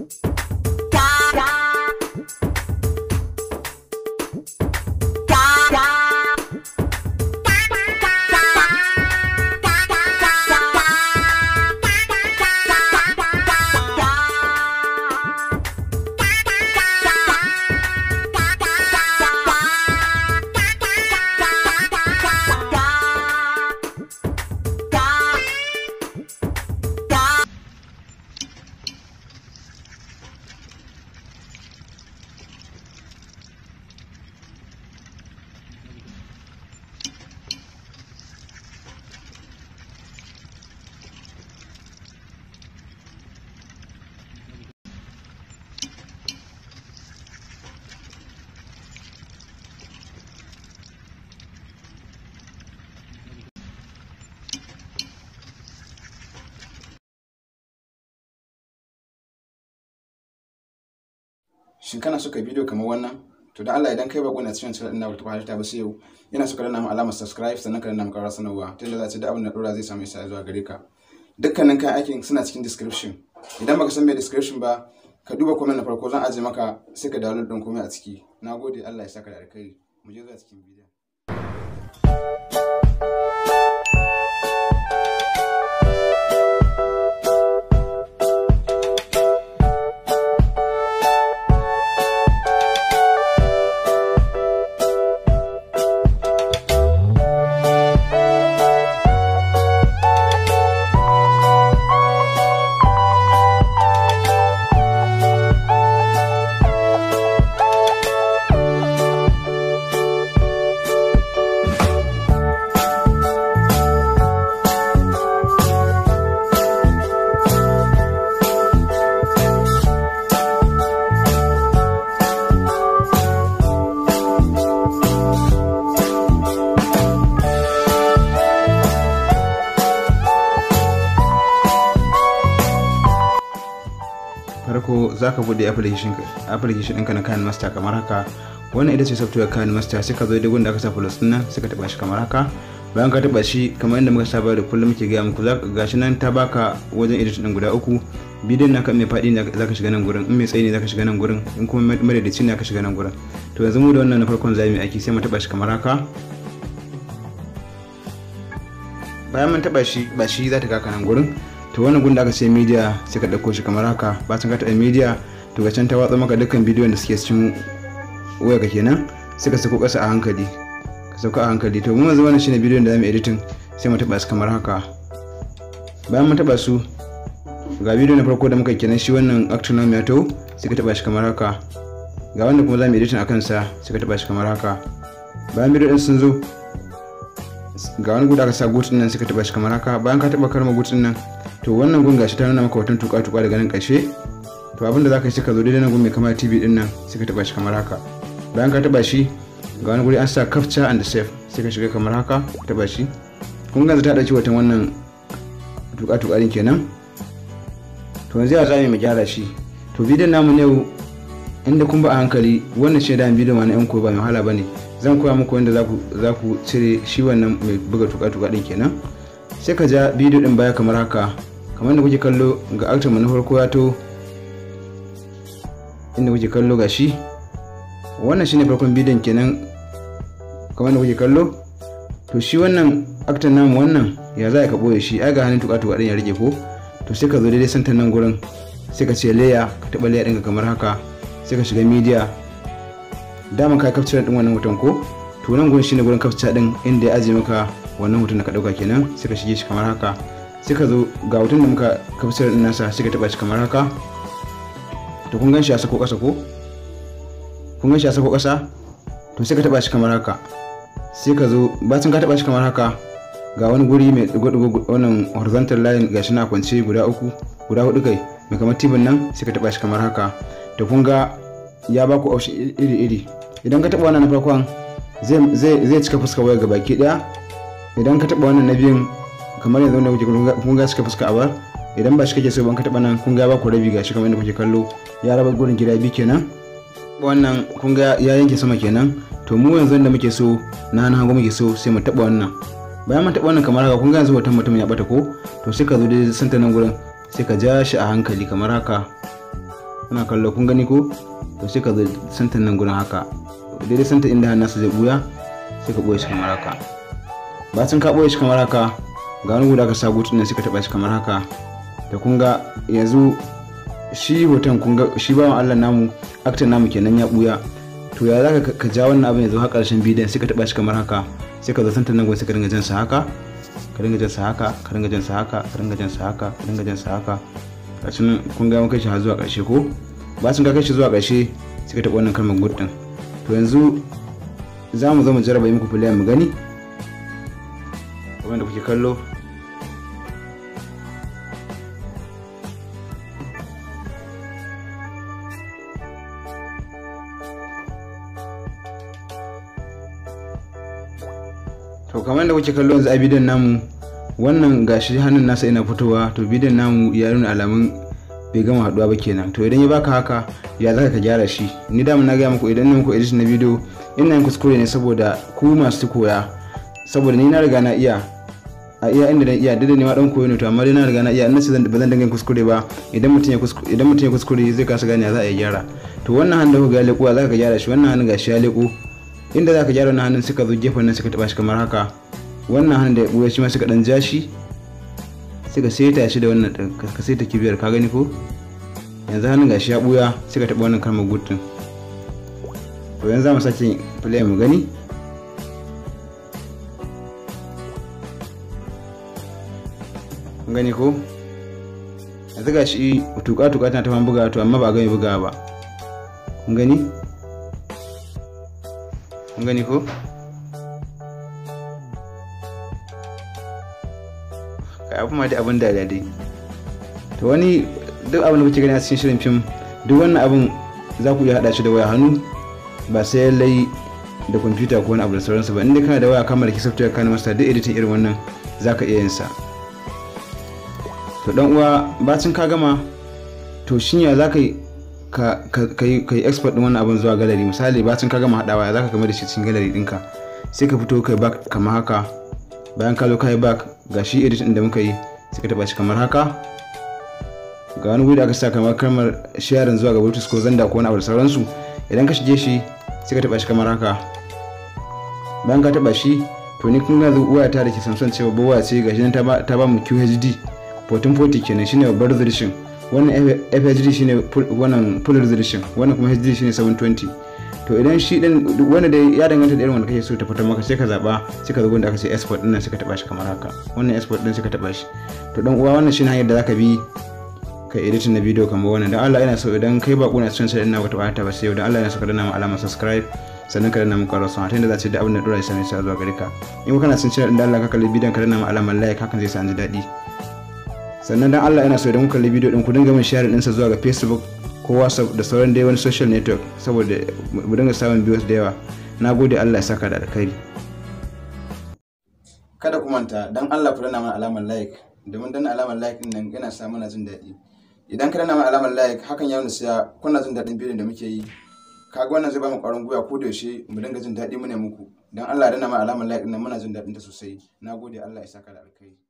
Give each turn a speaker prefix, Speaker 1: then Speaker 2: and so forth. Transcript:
Speaker 1: Ooh. shin kana so ka bidiyo kamar wannan to da Allah idan kai bako na cikin channel din na ba ta ba sai yau yana so ka danna mu alamar subscribe sannan ka danna mu karar sanarwa tunda za ta da abin da dora zai samu isa zuwa gare ka dukkanin kayan aikin suna cikin description idan baka san me description ba ka duba comment na farko zan aje maka sai ka download din komai a ciki nagode Allah ya saka da alkhairi mu je zuwa cikin bidiyon farko za ka buɗe application ɗinka na kayan master kamar haka wannan ita ce software kayan master sai ka zo da wanda aka sa plus nan sai ka taɓa shi kamar haka bayan ka taɓa shi kamar yadda muka saba da kullum muke gaya muku shi nan ta baka wajen edit ɗin guda uku bidiyon naka mai faɗi ne za ka shiga nan gurin in mai tsayi ne za ka shiga nan gurin in kuma madadici ne za ka shiga nan gurin to yanzu mu da wannan na farkon za mu aiki sai mu taɓa shi kamar haka bayan mun taɓa shi ba shi za ta kaka nan gurin to wani gunda aka ce media sai ka ɗauko shi kamar haka bacin ka taɓa media to ga can ta watsa maka dukkan bidiyon da suke cikin waya ka kenan sai ka sako ƙasa a hankali ka sako a hankali to mun wannan shine bidiyon da zamu editin sai mu taba su kamar haka bayan mun taba su ga bidiyo na farko da muka kenan shi wannan actonom ya to sai ka taɓa shi kamar haka ga wanda kuma zamu editin a kansa sai ka taɓa shi kamar haka bayan bidiyo ɗin sun zo ga wani guda ka sa gutsun nan sai ka taɓa shi kamar haka bayan ka taɓa karma gutsun nan to wannan gun gashi ta nuna maka hoton tuka tuka da ganin kashe to abin da zaka shi ka zo daidai nan gun mai kamar tv din nan sai ka taba shi kamar haka bayan ka taba shi ga wani guri an sa capture and save sai ka shiga kamar haka ka taba shi kun ga ta dauki hoton wannan tuka tuka din kenan to yanzu ya zamu mu gyara shi to bidiyon namu ne inda kun ba a hankali wannan shi da bidiyon wani yan ko ba mai wahala bane zan koya muku yadda za ku cire shi wannan mai buga tuka-tuka din kenan sai ka ja bidiyo din baya kamar haka kamar da kuke kallo ga aktar mu na farko ya to inda kuke kallo ga shi wannan shine farkon bidiyon kenan kamar da kuke kallo to shi wannan aktar namu wannan ya za ka boye shi ai ga hannun tuka tuka ya rage ko to sai ka zo daidai santan nan gurin sai ka ce leya ka taba leya ɗinka kamar haka sai ka shiga media dama ka capture din wannan hoton ko to nan gurin shine gurin capture din inda ya aje maka wannan hoton da ka dauka kenan sai ka shige shi kamar haka sai ka zo ga hoton da muka kafsar din nasa sai ka taba shi kamar haka to kun gan shi a sako ƙasa ko kun ganshi a sako kasa to sai ka taba shi kamar haka sai ka zo sun ka taba shi kamar haka ga wani guri mai dugo dugo wannan horizontal line gashi na kwance guda uku guda hudu kai mai kamar tibin nan sai ka taba shi kamar haka to kun ga ya ba ku aushi iri-iri idan ka taba wannan na farkon zai cika fuska waya gabaki daya idan ka taba wannan na biyun kamar yanzu wanda kun ga suka fuska a bar idan ba shi kake so ban ka taba nan kun ga ba ku rabi gashi kamar yanda kuke kallo ya raba gurin gida biyu kenan wannan kun ga ya yanke sama kenan to mu yanzu da muke so na na hango muke so sai mu taba wannan bayan mu taba wannan kamar haka kun ga yanzu wata mutum ya bata ko to sai ka zo dai santa nan gurin sai ka ja shi a hankali kamar haka kana kallo kun gani ko to sai ka zo santa nan gurin haka daidai santa inda su zai buya sai ka boye shi kamar haka bacin ka boye shi kamar haka ga wani guda ka sa gutun nan suka taba shi kamar haka da kun ga yanzu shi hoton kun ga shi bawan Allah namu akta namu kenan ya buya to ya zaka ka ja wannan abin yanzu har karshen bidiyon suka taba shi kamar haka sai ka zo santan nan gwai suka dinga jan sa haka ka dinga jan sa haka ka dinga jan sa haka ka dinga jan sa haka ka dinga jan sa haka karshen kun ga mun kai shi har zuwa karshe ko ba sun ga kai shi zuwa karshe suka taba wannan kalmar gutsun to yanzu za mu zo mu jarraba muku filayen mu gani kamar da kuke kallo to kamar da kuke kallo yanzu a bidiyon namu wannan gashi hannun nasa yana fitowa to bidiyon namu ya nuna alamun bai gama haduwa ba kenan to idan ya baka haka ya zaka ka gyara shi ni da na gaya muku idan na muku edit na bidiyo ina yin kuskure ne saboda ku masu koya saboda ni na riga na iya a iya inda dan iya dade ne ma dan koyo ne to amma dai na riga na iya ina ce ba zan dinga kuskure ba idan mutum ya kuskure idan mutun ya kuskure zai kasa gane za a gyara to wannan hannun ga leku za ka gyara shi wannan hannun ga shi ya leku inda za ka gyara wannan hannun suka zo gefen nan suka taba shi kamar haka wannan hannun da ya buya shi ma suka dan ja shi suka seta shi da wannan ka seta kibiyar ka gani ko yanzu hannun ga shi ya buya suka taba wannan kalmar gutun to yanzu za mu sake play mu gani gani ko yanzu ga shi tuka tuka tana ta buga to amma ba gani buga ba gani gani ko ka yi ma da abin da dai to wani duk abin da kuke gani a cikin shirin fim duk wannan abin za ku iya hada shi da waya hannu ba sai layi da kwamfuta ko wani abu da sauransu ba inda kana da waya kamar ki software kana masa duk editing irin wannan za ka iya yin sa to dan uwa bacin ka gama to shi ne za ka yi expert din wannan abin zuwa gallery misali bacin ka gama hadawa ya zaka kama da shi cikin gallery dinka sai ka fito kai back kamar haka bayan ka zo kai back ga shi edit din da muka yi sai ka taba shi kamar haka ga wani wuri da aka sa kamar kamar sharing zuwa ga bluetooth ko zanda ko wani abu da sauransu idan ka shige shi sai ka taba shi kamar haka bayan ka taba shi to ni kun ga waya ta da ke samson cewa bowa waya ce gashi nan ta ba mu QHD 1440 kenan shine babbar resolution wannan FHD shine wannan full resolution wannan kuma HD shine 720 to idan shi din wanda dai ya danganta da irin wanda kake so ta fitar maka sai ka zaba sai ka zo da aka ce export din nan sai ka taba shi kamar haka wannan export din sai ka taba shi to dan uwa wannan shine hanyar da zaka bi ka editin na bidiyo kamar wannan dan Allah ina so idan kai bako na cikin sai ina wata ta ba sai dan Allah ina so ka danna mu alamar subscribe sannan ka danna mu ƙwarar sun hatin da za ce da abin da dora ya sami sa zuwa gare ka in kana sun cire dan Allah ka kalli bidiyon ka danna mu alamar like hakan zai sa an ji daɗi sannan dan Allah yana so idan kuka kalli bidiyo din ku dinga min share sa zuwa ga Facebook ko WhatsApp da sauran dai wani social network saboda mu dinga samun views da yawa na gode Allah ya saka da alkhairi kada ku manta dan Allah ku dana mana alamar like domin dana alamar like din nan yana sa mana jin daɗi idan ka dana mana alamar like hakan ya nuna cewa kuna jin daɗin bidiyon da muke yi kaga wannan zai ba mu ƙwarin gwiwa ko da yaushe mu dinga jin daɗi mu ne muku dan Allah dana mana alamar like din nan muna jin daɗin ta sosai nagode Allah ya saka da alkhairi